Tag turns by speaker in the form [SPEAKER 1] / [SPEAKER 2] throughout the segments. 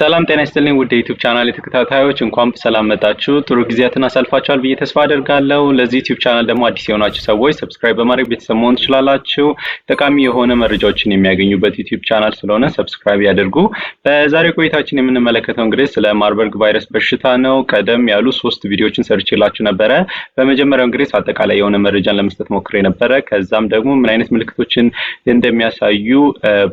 [SPEAKER 1] ሰላም ጤና ይስጥልኝ ውድ የዩቲዩብ ቻናል የተከታታዮች እንኳን ሰላም መጣችሁ። ጥሩ ጊዜያትን አሳልፋችኋል ብዬ ተስፋ አደርጋለሁ። ለዚህ ዩቲዩብ ቻናል ደግሞ አዲስ የሆናችሁ ሰዎች ሰብስክራይብ በማድረግ ቤተሰብ መሆን ትችላላችሁ። ጠቃሚ የሆነ መረጃዎችን የሚያገኙበት ዩቲዩብ ቻናል ስለሆነ ሰብስክራይብ ያደርጉ። በዛሬው ቆይታችን የምንመለከተው እንግዲህ ስለ ማርበርግ ቫይረስ በሽታ ነው። ቀደም ያሉ ሶስት ቪዲዮዎችን ሰርችላችሁ ነበረ። በመጀመሪያው እንግዲህ አጠቃላይ የሆነ መረጃን ለመስጠት ሞክሬ ነበረ። ከዛም ደግሞ ምን አይነት ምልክቶችን እንደሚያሳዩ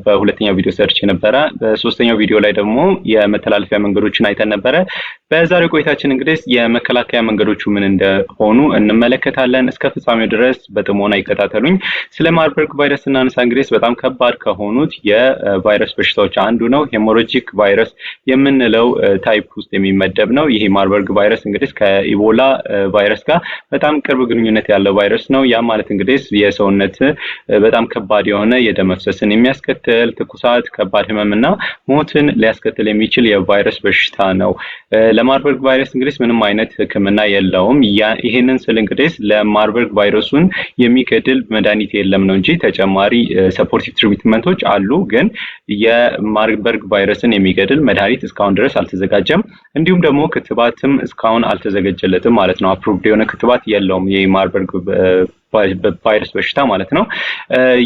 [SPEAKER 1] በሁለተኛው ቪዲዮ ሰርች ነበረ። በሶስተኛው ቪዲዮ ላይ ደግሞ የመተላለፊያ መንገዶችን አይተን ነበረ። በዛሬው ቆይታችን እንግዲህ የመከላከያ መንገዶቹ ምን እንደሆኑ እንመለከታለን። እስከ ፍጻሜው ድረስ በጥሞና ይከታተሉኝ። ስለ ማርበርግ ቫይረስ እናነሳ። እንግዲህ በጣም ከባድ ከሆኑት የቫይረስ በሽታዎች አንዱ ነው። ሄሞሮጂክ ቫይረስ የምንለው ታይፕ ውስጥ የሚመደብ ነው። ይሄ ማርበርግ ቫይረስ እንግዲህ ከኢቦላ ቫይረስ ጋር በጣም ቅርብ ግንኙነት ያለው ቫይረስ ነው። ያ ማለት እንግዲህ የሰውነት በጣም ከባድ የሆነ የደም መፍሰስን የሚያስከትል ትኩሳት፣ ከባድ ህመምና ሞትን ሊያስከትል የሚ የሚችል የቫይረስ በሽታ ነው። ለማርበርግ ቫይረስ እንግዲህ ምንም አይነት ሕክምና የለውም። ይህንን ስል እንግዲህ ለማርበርግ ቫይረሱን የሚገድል መድኃኒት የለም ነው እንጂ ተጨማሪ ሰፖርቲቭ ትሪትመንቶች አሉ፣ ግን የማርበርግ ቫይረስን የሚገድል መድኃኒት እስካሁን ድረስ አልተዘጋጀም። እንዲሁም ደግሞ ክትባትም እስካሁን አልተዘጋጀለትም ማለት ነው። አፕሮቭድ የሆነ ክትባት የለውም የማርበርግ ቫይረስ በሽታ ማለት ነው።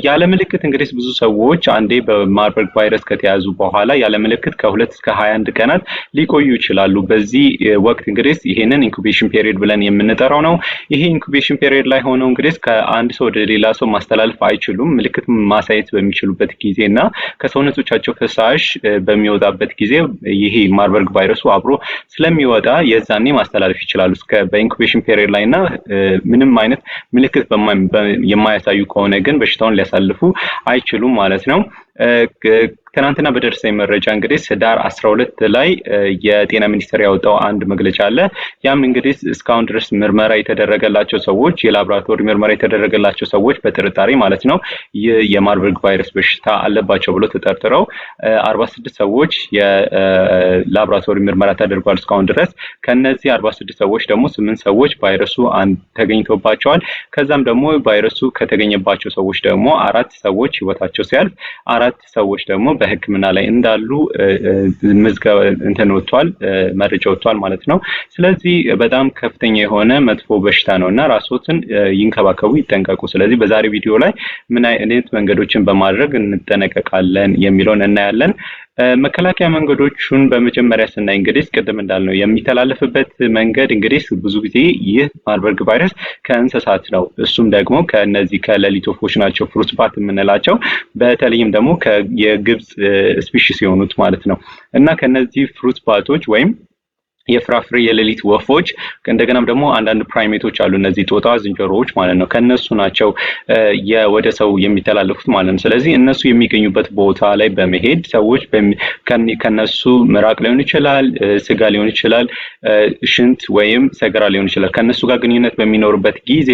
[SPEAKER 1] ያለ ምልክት እንግዲህ ብዙ ሰዎች አንዴ በማርበርግ ቫይረስ ከተያዙ በኋላ ያለ ምልክት ከሁለት እስከ ሀያ አንድ ቀናት ሊቆዩ ይችላሉ። በዚህ ወቅት እንግዲህ ይህንን ኢንኩቤሽን ፔሪድ ብለን የምንጠራው ነው። ይሄ ኢንኩቤሽን ፔሪድ ላይ ሆነው እንግዲህ ከአንድ ሰው ወደ ሌላ ሰው ማስተላለፍ አይችሉም። ምልክት ማሳየት በሚችሉበት ጊዜ እና ከሰውነቶቻቸው ፍሳሽ በሚወጣበት ጊዜ ይሄ ማርበርግ ቫይረሱ አብሮ ስለሚወጣ የዛኔ ማስተላለፍ ይችላሉ። በኢንኩቤሽን ፔሪየድ ላይ እና ምንም አይነት ምልክት የማያሳዩ ከሆነ ግን በሽታውን ሊያሳልፉ አይችሉም ማለት ነው። ትናንትና በደረሰኝ መረጃ እንግዲህ ህዳር አስራ ሁለት ላይ የጤና ሚኒስቴር ያወጣው አንድ መግለጫ አለ። ያም እንግዲህ እስካሁን ድረስ ምርመራ የተደረገላቸው ሰዎች የላቦራቶሪ ምርመራ የተደረገላቸው ሰዎች በጥርጣሬ ማለት ነው ይህ የማርበርግ ቫይረስ በሽታ አለባቸው ብሎ ተጠርጥረው አርባ ስድስት ሰዎች የላቦራቶሪ ምርመራ ተደርጓል እስካሁን ድረስ። ከነዚህ አርባ ስድስት ሰዎች ደግሞ ስምንት ሰዎች ቫይረሱ ተገኝቶባቸዋል። ከዛም ደግሞ ቫይረሱ ከተገኘባቸው ሰዎች ደግሞ አራት ሰዎች ህይወታቸው ሲያልፍ አራት ሰዎች ደግሞ ህክምና ላይ እንዳሉ ምዝገባ እንትን ወጥቷል፣ መረጃ ወጥቷል ማለት ነው። ስለዚህ በጣም ከፍተኛ የሆነ መጥፎ በሽታ ነው እና ራስዎትን ይንከባከቡ፣ ይጠንቀቁ። ስለዚህ በዛሬ ቪዲዮ ላይ ምን አይነት መንገዶችን በማድረግ እንጠነቀቃለን የሚለውን እናያለን። መከላከያ መንገዶቹን በመጀመሪያ ስናይ እንግዲህ ቅድም እንዳልነው የሚተላለፍበት መንገድ እንግዲህ ብዙ ጊዜ ይህ ማርበርግ ቫይረስ ከእንስሳት ነው። እሱም ደግሞ ከነዚህ ከሌሊት ወፎች ናቸው የምንላቸው በተለይም ደግሞ የግብፅ ስፒሽስ የሆኑት ማለት ነው እና ከነዚህ ፍሩት ባቶች ወይም የፍራፍሬ የሌሊት ወፎች እንደገናም ደግሞ አንዳንድ ፕራይሜቶች አሉ። እነዚህ ጦጣ ዝንጀሮዎች ማለት ነው። ከነሱ ናቸው ወደ ሰው የሚተላለፉት ማለት ነው። ስለዚህ እነሱ የሚገኙበት ቦታ ላይ በመሄድ ሰዎች ከነሱ ምራቅ ሊሆን ይችላል፣ ስጋ ሊሆን ይችላል፣ ሽንት ወይም ሰገራ ሊሆን ይችላል። ከነሱ ጋር ግንኙነት በሚኖርበት ጊዜ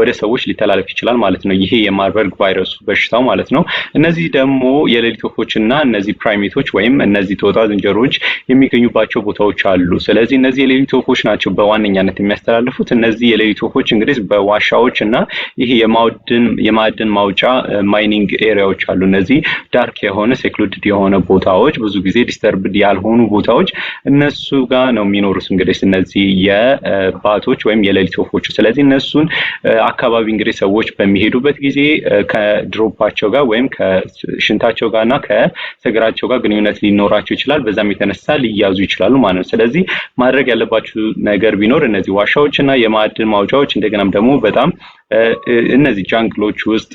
[SPEAKER 1] ወደ ሰዎች ሊተላለፍ ይችላል ማለት ነው። ይሄ የማርበርግ ቫይረሱ በሽታው ማለት ነው። እነዚህ ደግሞ የሌሊት ወፎች እና እነዚህ ፕራይሜቶች ወይም እነዚህ ጦጣ ዝንጀሮዎች የሚገኙባቸው ቦታዎች አሉ። ስለዚህ እነዚህ የሌሊት ወፎች ናቸው በዋነኛነት የሚያስተላልፉት። እነዚህ የሌሊት ወፎች እንግዲህ በዋሻዎች እና ይህ የማዕድን ማውጫ ማይኒንግ ኤሪያዎች አሉ። እነዚህ ዳርክ የሆነ ሴክሉድድ የሆነ ቦታዎች፣ ብዙ ጊዜ ዲስተርብድ ያልሆኑ ቦታዎች እነሱ ጋር ነው የሚኖሩት እንግዲህ እነዚህ የባቶች ወይም የሌሊት ወፎች። ስለዚህ እነሱን አካባቢ እንግዲህ ሰዎች በሚሄዱበት ጊዜ ከድሮፓቸው ጋር ወይም ከሽንታቸው ጋር እና ከሰገራቸው ጋር ግንኙነት ሊኖራቸው ይችላል። በዛም የተነሳ ሊያዙ ይችላሉ ማለት ነው። ስለዚህ ማድረግ ያለባችሁ ነገር ቢኖር እነዚህ ዋሻዎች እና የማዕድን ማውጫዎች እንደገናም ደግሞ በጣም እነዚህ ጃንግሎች ውስጥ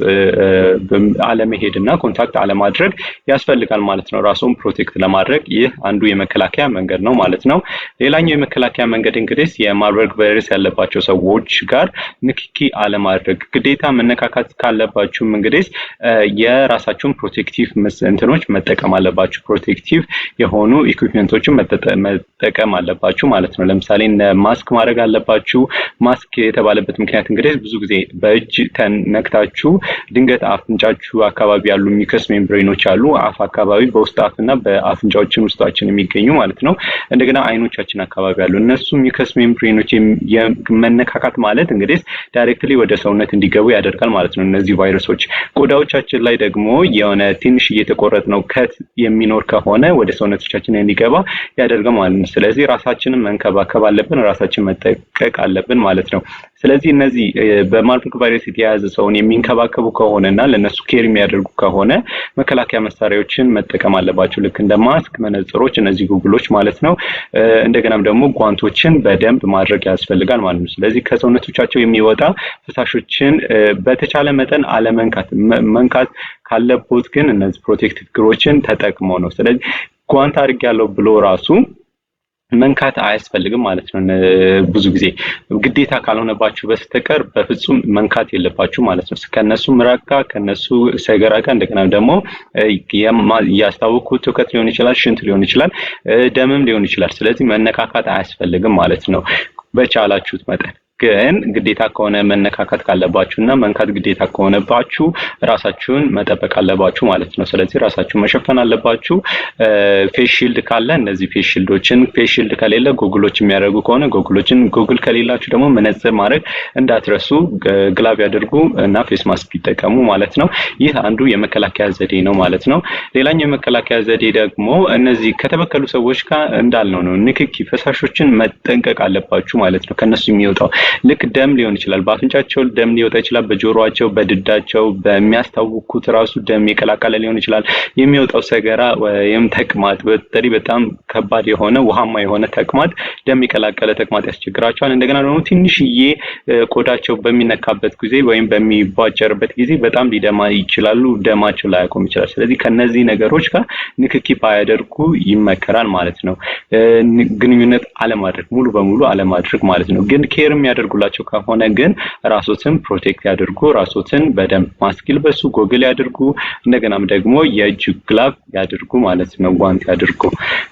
[SPEAKER 1] አለመሄድ እና ኮንታክት አለማድረግ ያስፈልጋል ማለት ነው። ራሱን ፕሮቴክት ለማድረግ ይህ አንዱ የመከላከያ መንገድ ነው ማለት ነው። ሌላኛው የመከላከያ መንገድ እንግዲህ የማርበርግ ቫይረስ ያለባቸው ሰዎች ጋር ንክኪ አለማድረግ ግዴታ፣ መነካካት ካለባችሁም እንግዲህ የራሳችሁን ፕሮቴክቲቭ እንትኖች መጠቀም አለባችሁ። ፕሮቴክቲቭ የሆኑ ኢኩፕመንቶችን መጠቀም አለባችሁ ማለት ነው። ለምሳሌ ማስክ ማድረግ አለባችሁ። ማስክ የተባለበት ምክንያት እንግዲህ ብዙ ጊዜ በእጅ ተነክታችሁ ድንገት አፍንጫችሁ አካባቢ ያሉ ሚከስ ሜምብሬኖች አሉ። አፍ አካባቢ በውስጥ አፍና በአፍንጫዎችን ውስጣችን የሚገኙ ማለት ነው። እንደገና አይኖቻችን አካባቢ አሉ። እነሱ ሚከስ ሜምብሬኖች መነካካት ማለት እንግዲህ ዳይሬክትሊ ወደ ሰውነት እንዲገቡ ያደርጋል ማለት ነው። እነዚህ ቫይረሶች ቆዳዎቻችን ላይ ደግሞ የሆነ ትንሽ እየተቆረጥ ነው ከት የሚኖር ከሆነ ወደ ሰውነቶቻችን እንዲገባ ያደርጋል ማለት ነው። ስለዚህ ራሳችንን መንከባከብ አለብን፣ ራሳችን መጠቀቅ አለብን ማለት ነው። ስለዚህ እነዚህ በማ ከማልፊክ ቫይረሲቲ የያዘ ሰውን የሚንከባከቡ ከሆነ እና ለእነሱ ኬር የሚያደርጉ ከሆነ መከላከያ መሳሪያዎችን መጠቀም አለባቸው። ልክ እንደ ማስክ፣ መነጽሮች፣ እነዚህ ጉግሎች ማለት ነው። እንደገናም ደግሞ ጓንቶችን በደንብ ማድረግ ያስፈልጋል ማለት ነው። ስለዚህ ከሰውነቶቻቸው የሚወጣ ፍሳሾችን በተቻለ መጠን አለመንካት መንካት ካለቦት ግን እነዚህ ፕሮቴክቲቭ ግሮችን ተጠቅመው ነው። ስለዚህ ጓንት አድርግ ያለው ብሎ ራሱ መንካት አያስፈልግም ማለት ነው። ብዙ ጊዜ ግዴታ ካልሆነባችሁ በስተቀር በፍጹም መንካት የለባችሁ ማለት ነው። ከነሱ ምራቃ ከነሱ ሰገራቃ እንደገና ደግሞ ያስታወኩት ትውከት ሊሆን ይችላል፣ ሽንት ሊሆን ይችላል፣ ደምም ሊሆን ይችላል። ስለዚህ መነካካት አያስፈልግም ማለት ነው በቻላችሁት መጠን ግን ግዴታ ከሆነ መነካካት ካለባችሁ እና መንካት ግዴታ ከሆነባችሁ ራሳችሁን መጠበቅ አለባችሁ ማለት ነው። ስለዚህ ራሳችሁን መሸፈን አለባችሁ። ፌስ ሺልድ ካለ እነዚህ ፌስ ሺልዶችን፣ ፌስ ሺልድ ከሌለ ጎግሎች የሚያደርጉ ከሆነ ጎግሎችን፣ ጎግል ከሌላችሁ ደግሞ መነጽር ማድረግ እንዳትረሱ፣ ግላብ ያደርጉ እና ፌስ ማስክ ይጠቀሙ ማለት ነው። ይህ አንዱ የመከላከያ ዘዴ ነው ማለት ነው። ሌላኛው የመከላከያ ዘዴ ደግሞ እነዚህ ከተበከሉ ሰዎች ጋር እንዳልነው ነው፣ ንክኪ ፈሳሾችን መጠንቀቅ አለባችሁ ማለት ነው። ከነሱ የሚወጣው ልክ ደም ሊሆን ይችላል። በአፍንጫቸው ደም ሊወጣ ይችላል። በጆሮቸው፣ በድዳቸው፣ በሚያስታውኩት ራሱ ደም የቀላቀለ ሊሆን ይችላል። የሚወጣው ሰገራ ወይም ተቅማጥ፣ በተለይ በጣም ከባድ የሆነ ውሃማ የሆነ ተቅማጥ፣ ደም የቀላቀለ ተቅማጥ ያስቸግራቸዋል። እንደገና ደግሞ ትንሽዬ ቆዳቸው በሚነካበት ጊዜ ወይም በሚቧጨርበት ጊዜ በጣም ሊደማ ይችላሉ። ደማቸው ላያቆም ይችላል። ስለዚህ ከነዚህ ነገሮች ጋር ንክኪ ባያደርጉ ይመከራል ማለት ነው። ግንኙነት አለማድረግ ሙሉ በሙሉ አለማድረግ ማለት ነው። ግን ኬርም የሚያደርጉላቸው ከሆነ ግን ራሶትን ፕሮቴክት ያድርጉ። ራሶትን በደንብ ማስክ ይልበሱ፣ ጎግል ያድርጉ። እንደገናም ደግሞ የእጅ ግላቭ ያድርጉ ማለት ነው፣ ጓንት ያድርጉ።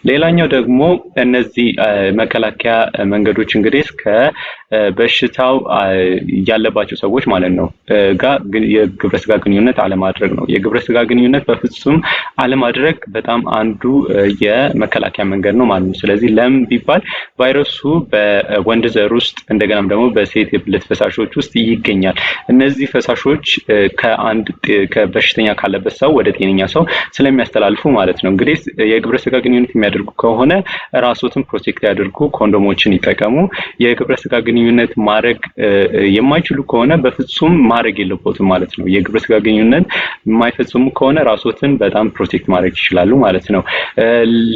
[SPEAKER 1] ሌላኛው ደግሞ እነዚህ መከላከያ መንገዶች እንግዲህ በሽታው ያለባቸው ሰዎች ማለት ነው ጋር የግብረ ስጋ ግንኙነት አለማድረግ ነው። የግብረ ስጋ ግንኙነት በፍጹም አለማድረግ በጣም አንዱ የመከላከያ መንገድ ነው ማለት ነው። ስለዚህ ለምን ቢባል ቫይረሱ በወንድ ዘር ውስጥ እንደገናም ደግሞ በሴት የብልት ፈሳሾች ውስጥ ይገኛል። እነዚህ ፈሳሾች ከአንድ በሽተኛ ካለበት ሰው ወደ ጤነኛ ሰው ስለሚያስተላልፉ ማለት ነው። እንግዲህ የግብረ ስጋ ግንኙነት የሚያደርጉ ከሆነ ራሶትን ፕሮቴክት ያደርጉ ኮንዶሞችን ይጠቀሙ። የግብረ ስጋ ግንኙነት ማድረግ የማይችሉ ከሆነ በፍጹም ማድረግ የለቦትም ማለት ነው። የግብረ ስጋ ግንኙነት የማይፈጽሙ ከሆነ ራሶትን በጣም ፕሮቴክት ማድረግ ይችላሉ ማለት ነው።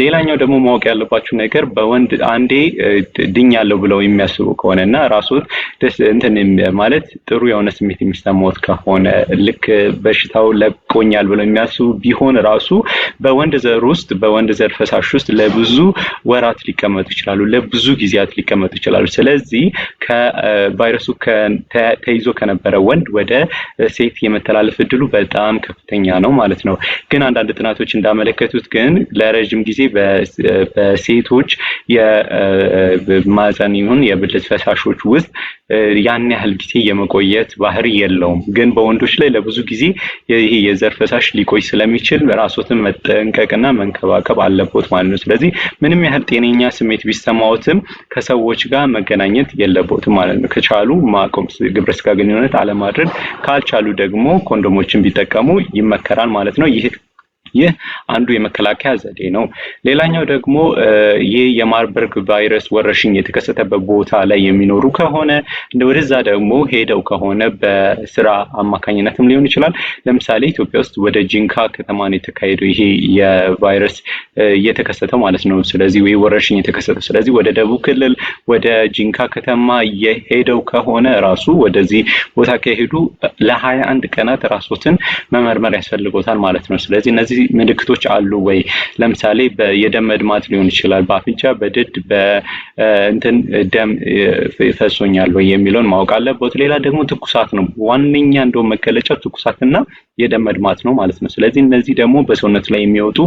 [SPEAKER 1] ሌላኛው ደግሞ ማወቅ ያለባችሁ ነገር በወንድ አንዴ ድኛለሁ ብለው የሚያስቡ ከሆነ እና ራሱን ደስ እንትን ማለት ጥሩ የሆነ ስሜት የሚሰማዎት ከሆነ ልክ በሽታው ለቆኛል ብለው የሚያስቡ ቢሆን ራሱ በወንድ ዘር ውስጥ በወንድ ዘር ፈሳሽ ውስጥ ለብዙ ወራት ሊቀመጡ ይችላሉ፣ ለብዙ ጊዜያት ሊቀመጡ ይችላሉ። ስለዚህ ከቫይረሱ ተይዞ ከነበረ ወንድ ወደ ሴት የመተላለፍ እድሉ በጣም ከፍተኛ ነው ማለት ነው። ግን አንዳንድ ጥናቶች እንዳመለከቱት ግን ለረዥም ጊዜ በሴቶች የማህፀን ይሁን የብልት ፈሳሾች ውስጥ ያን ያህል ጊዜ የመቆየት ባህሪ የለውም። ግን በወንዶች ላይ ለብዙ ጊዜ ይሄ የዘር ፈሳሽ ሊቆይ ስለሚችል ራስዎትን መጠንቀቅና መንከባከብ አለቦት ማለት ነው። ስለዚህ ምንም ያህል ጤነኛ ስሜት ቢሰማዎትም ከሰዎች ጋር መገናኘት የለቦትም ማለት ነው። ከቻሉ ማቆም ግብረ ስጋ ግንኙነት አለማድረግ፣ ካልቻሉ ደግሞ ኮንዶሞችን ቢጠቀሙ ይመከራል ማለት ነው። ይህ ይህ አንዱ የመከላከያ ዘዴ ነው። ሌላኛው ደግሞ ይህ የማርበርግ ቫይረስ ወረርሽኝ የተከሰተበት ቦታ ላይ የሚኖሩ ከሆነ ወደዛ ደግሞ ሄደው ከሆነ በስራ አማካኝነትም ሊሆን ይችላል። ለምሳሌ ኢትዮጵያ ውስጥ ወደ ጂንካ ከተማ ነው የተካሄደው ይሄ የቫይረስ እየተከሰተው ማለት ነው። ስለዚህ ወይ ወረርሽኝ የተከሰተው ስለዚህ ወደ ደቡብ ክልል ወደ ጂንካ ከተማ የሄደው ከሆነ ራሱ ወደዚህ ቦታ ከሄዱ ለሀያ አንድ ቀናት ራሶትን መመርመር ያስፈልጎታል ማለት ነው። ስለዚህ እነዚህ እነዚህ ምልክቶች አሉ ወይ? ለምሳሌ የደም መድማት ሊሆን ይችላል፣ በአፍንጫ በድድ በእንትን ደም ፈሶኛል ወይ የሚለውን ማወቅ አለበት። ሌላ ደግሞ ትኩሳት ነው። ዋነኛ እንደው መገለጫው ትኩሳትና የደም መድማት ነው ማለት ነው። ስለዚህ እነዚህ ደግሞ በሰውነት ላይ የሚወጡ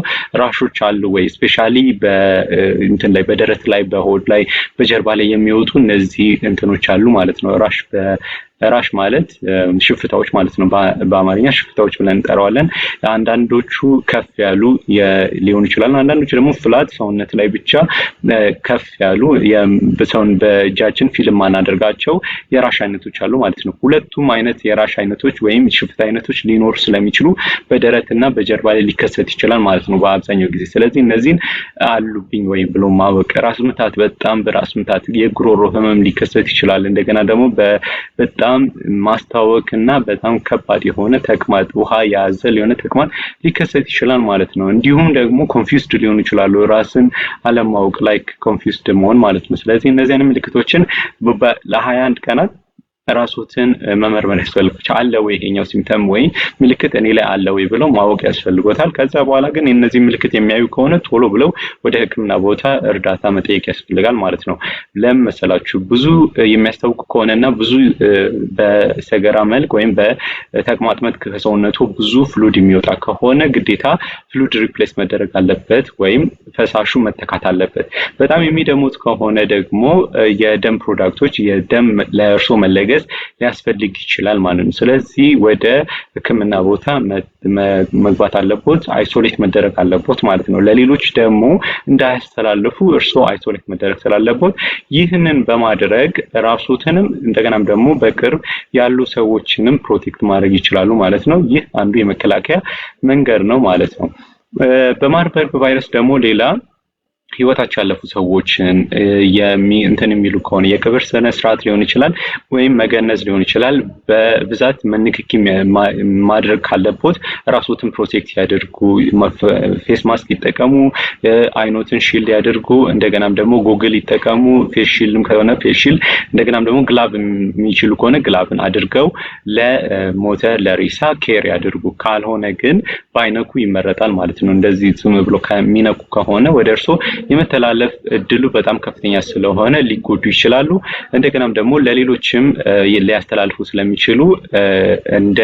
[SPEAKER 1] ራሾች አሉ ወይ? ስፔሻሊ በእንትን ላይ በደረት ላይ በሆድ ላይ በጀርባ ላይ የሚወጡ እነዚህ እንትኖች አሉ ማለት ነው ራሽ ራሽ ማለት ሽፍታዎች ማለት ነው። በአማርኛ ሽፍታዎች ብለን እንጠራዋለን። አንዳንዶቹ ከፍ ያሉ ሊሆኑ ይችላሉ። አንዳንዶቹ ደግሞ ፍላት ሰውነት ላይ ብቻ ከፍ ያሉ ሰውን በእጃችን ፊልም ማናደርጋቸው የራሽ አይነቶች አሉ ማለት ነው። ሁለቱም አይነት የራሽ አይነቶች ወይም ሽፍታ አይነቶች ሊኖሩ ስለሚችሉ በደረት እና በጀርባ ላይ ሊከሰት ይችላል ማለት ነው በአብዛኛው ጊዜ። ስለዚህ እነዚህን አሉብኝ ወይም ብሎ ማወቅ፣ ራስ ምታት፣ በጣም በራስ ምታት፣ የጉሮሮ ህመም ሊከሰት ይችላል። እንደገና ደግሞ በጣም በጣም ማስታወቅ እና በጣም ከባድ የሆነ ተቅማጥ ውሃ ያዘል የሆነ ተቅማጥ ሊከሰት ይችላል ማለት ነው። እንዲሁም ደግሞ ኮንፊውስድ ሊሆኑ ይችላሉ። ራስን አለማወቅ ላይ ኮንፊውስድ መሆን ማለት ነው። ስለዚህ እነዚህን ምልክቶችን ለሀያ አንድ ቀናት ራሶትን መመርመር ያስፈልጋቸው አለ ወይ ይሄኛው ሲምተም ወይ ምልክት እኔ ላይ አለ ወይ ብለው ማወቅ ያስፈልጎታል። ከዛ በኋላ ግን እነዚህ ምልክት የሚያዩ ከሆነ ቶሎ ብለው ወደ ሕክምና ቦታ እርዳታ መጠየቅ ያስፈልጋል ማለት ነው። ለም መሰላችሁ? ብዙ የሚያስታውቅ ከሆነና ብዙ በሰገራ መልክ ወይም በተቅማጥ መልክ ከሰውነቱ ብዙ ፍሉድ የሚወጣ ከሆነ ግዴታ ፍሉድ ሪፕሌስ መደረግ አለበት ወይም ፈሳሹ መተካት አለበት። በጣም የሚደሙት ከሆነ ደግሞ የደም ፕሮዳክቶች የደም ለእርሶ መለገስ መወሰድ ሊያስፈልግ ይችላል ማለት ነው። ስለዚህ ወደ ህክምና ቦታ መግባት አለቦት፣ አይሶሌት መደረግ አለቦት ማለት ነው። ለሌሎች ደግሞ እንዳያስተላልፉ እርስዎ አይሶሌት መደረግ ስላለቦት ይህንን በማድረግ ራሱትንም እንደገናም ደግሞ በቅርብ ያሉ ሰዎችንም ፕሮቴክት ማድረግ ይችላሉ ማለት ነው። ይህ አንዱ የመከላከያ መንገድ ነው ማለት ነው። በማርበርግ ቫይረስ ደግሞ ሌላ ህይወታቸው ያለፉ ሰዎችን እንትን የሚሉ ከሆነ የቅብር ስነ ስርዓት ሊሆን ይችላል ወይም መገነዝ ሊሆን ይችላል። በብዛት መንክኪ ማድረግ ካለቦት ራሶትን ፕሮቴክት ያደርጉ፣ ፌስ ማስክ ይጠቀሙ፣ አይኖትን ሺልድ ያደርጉ፣ እንደገናም ደግሞ ጎግል ይጠቀሙ። ፌስ ሺልድም ከሆነ ፌስ ሺልድ፣ እንደገናም ደግሞ ግላብ የሚችሉ ከሆነ ግላብን አድርገው ለሞተ ለሬሳ ኬር ያደርጉ። ካልሆነ ግን ባይነኩ ይመረጣል ማለት ነው። እንደዚህ ዝም ብሎ ከሚነኩ ከሆነ ወደ እርሶ የመተላለፍ እድሉ በጣም ከፍተኛ ስለሆነ ሊጎዱ ይችላሉ። እንደገናም ደግሞ ለሌሎችም ሊያስተላልፉ ስለሚችሉ እንደ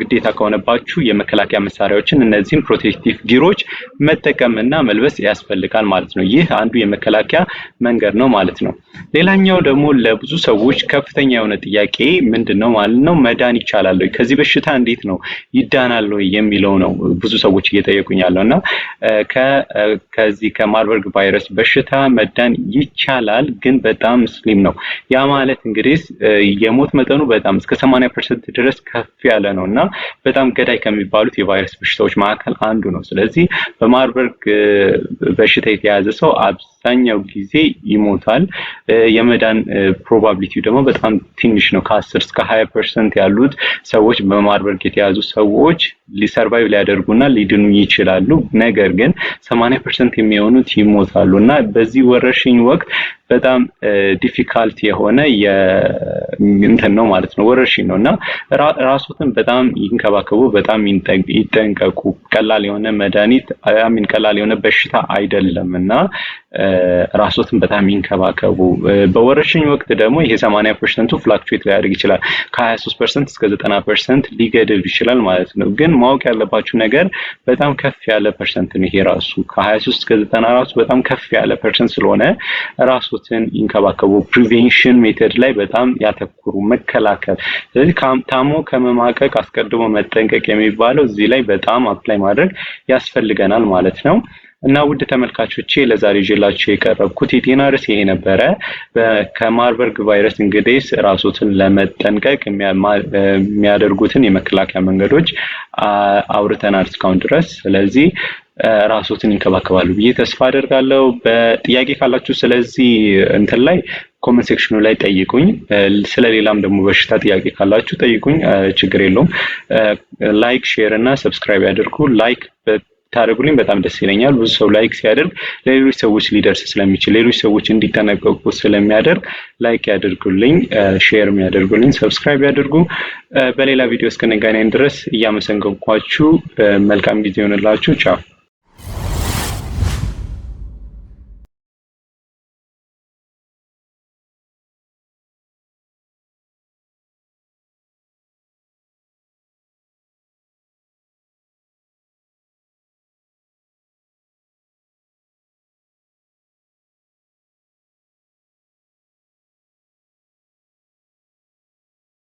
[SPEAKER 1] ግዴታ ከሆነባችሁ የመከላከያ መሳሪያዎችን እነዚህን ፕሮቴክቲቭ ጊሮች መጠቀምና መልበስ ያስፈልጋል ማለት ነው። ይህ አንዱ የመከላከያ መንገድ ነው ማለት ነው። ሌላኛው ደግሞ ለብዙ ሰዎች ከፍተኛ የሆነ ጥያቄ ምንድን ነው ማለት ነው፣ መዳን ይቻላል ወይ ከዚህ በሽታ እንዴት ነው ይዳናል ወይ የሚለው ነው። ብዙ ሰዎች እየጠየቁኝ ያለው እና ከዚህ ከማርበርግ ቫይረስ በሽታ መዳን ይቻላል፣ ግን በጣም ስሊም ነው። ያ ማለት እንግዲህ የሞት መጠኑ በጣም እስከ 80 ፐርሰንት ድረስ ከፍ ያለ ነው እና በጣም ገዳይ ከሚባሉት የቫይረስ በሽታዎች መካከል አንዱ ነው። ስለዚህ በማርበርግ በሽታ የተያዘ ሰው አብዛኛው ጊዜ ይሞታል። የመዳን ፕሮባቢሊቲው ደግሞ በጣም ትንሽ ነው። ከአስር እስከ ሀያ ፐርሰንት ያሉት ሰዎች በማርበርግ የተያዙ ሰዎች ሊሰርቫይቭ ሊያደርጉና ሊድኑ ይችላሉ። ነገር ግን ሰማንያ ፐርሰንት የሚሆኑት ይሞታሉ እና በዚህ ወረርሽኝ ወቅት በጣም ዲፊካልት የሆነ እንትን ነው ማለት ነው፣ ወረርሽኝ ነው እና ራሶትን በጣም ይንከባከቡ፣ በጣም ይጠንቀቁ። ቀላል የሆነ መድኃኒት ሚን ቀላል የሆነ በሽታ አይደለም እና ራሶትን በጣም ይንከባከቡ። በወረርሽኝ ወቅት ደግሞ ይሄ ሰማንያ ፐርሰንቱ ፍላክቹዌት ሊያደርግ ይችላል ከሀያ ሶስት ፐርሰንት እስከ ዘጠና ፐርሰንት ሊገድል ይችላል ማለት ነው። ግን ማወቅ ያለባችሁ ነገር በጣም ከፍ ያለ ፐርሰንት ነው ይሄ ራሱ ከሀያ ሶስት እስከ ዘጠና ራሱ በጣም ከፍ ያለ ፐርሰንት ስለሆነ ራሱ ራሶትን ይንከባከቡ። ፕሪቬንሽን ሜተድ ላይ በጣም ያተኩሩ፣ መከላከል። ስለዚህ ታሞ ከመማቀቅ አስቀድሞ መጠንቀቅ የሚባለው እዚህ ላይ በጣም አፕላይ ማድረግ ያስፈልገናል ማለት ነው። እና ውድ ተመልካቾቼ ለዛሬ ይዤላችሁ የቀረብኩት የጤና ርዕስ ይሄ ነበረ። ከማርበርግ ቫይረስ እንግዲህ ራሶትን ለመጠንቀቅ የሚያደርጉትን የመከላከያ መንገዶች አውርተናል እስካሁን ድረስ። ስለዚህ ራሶትን ይንከባከባሉ ብዬ ተስፋ አደርጋለሁ። በጥያቄ ካላችሁ ስለዚህ እንትን ላይ ኮመንት ሴክሽኑ ላይ ጠይቁኝ። ስለሌላም ደግሞ በሽታ ጥያቄ ካላችሁ ጠይቁኝ፣ ችግር የለውም። ላይክ፣ ሼር እና ሰብስክራይብ ያደርጉ ላይክ ብታደርጉልኝ በጣም ደስ ይለኛል። ብዙ ሰው ላይክ ሲያደርግ ለሌሎች ሰዎች ሊደርስ ስለሚችል ሌሎች ሰዎች እንዲጠነቀቁ ስለሚያደርግ ላይክ ያደርጉልኝ፣ ሼር ያደርጉልኝ፣ ሰብስክራይብ ያደርጉ። በሌላ ቪዲዮ እስክንገናኝ ድረስ እያመሰገንኳችሁ መልካም ጊዜ ይሆንላችሁ። ቻው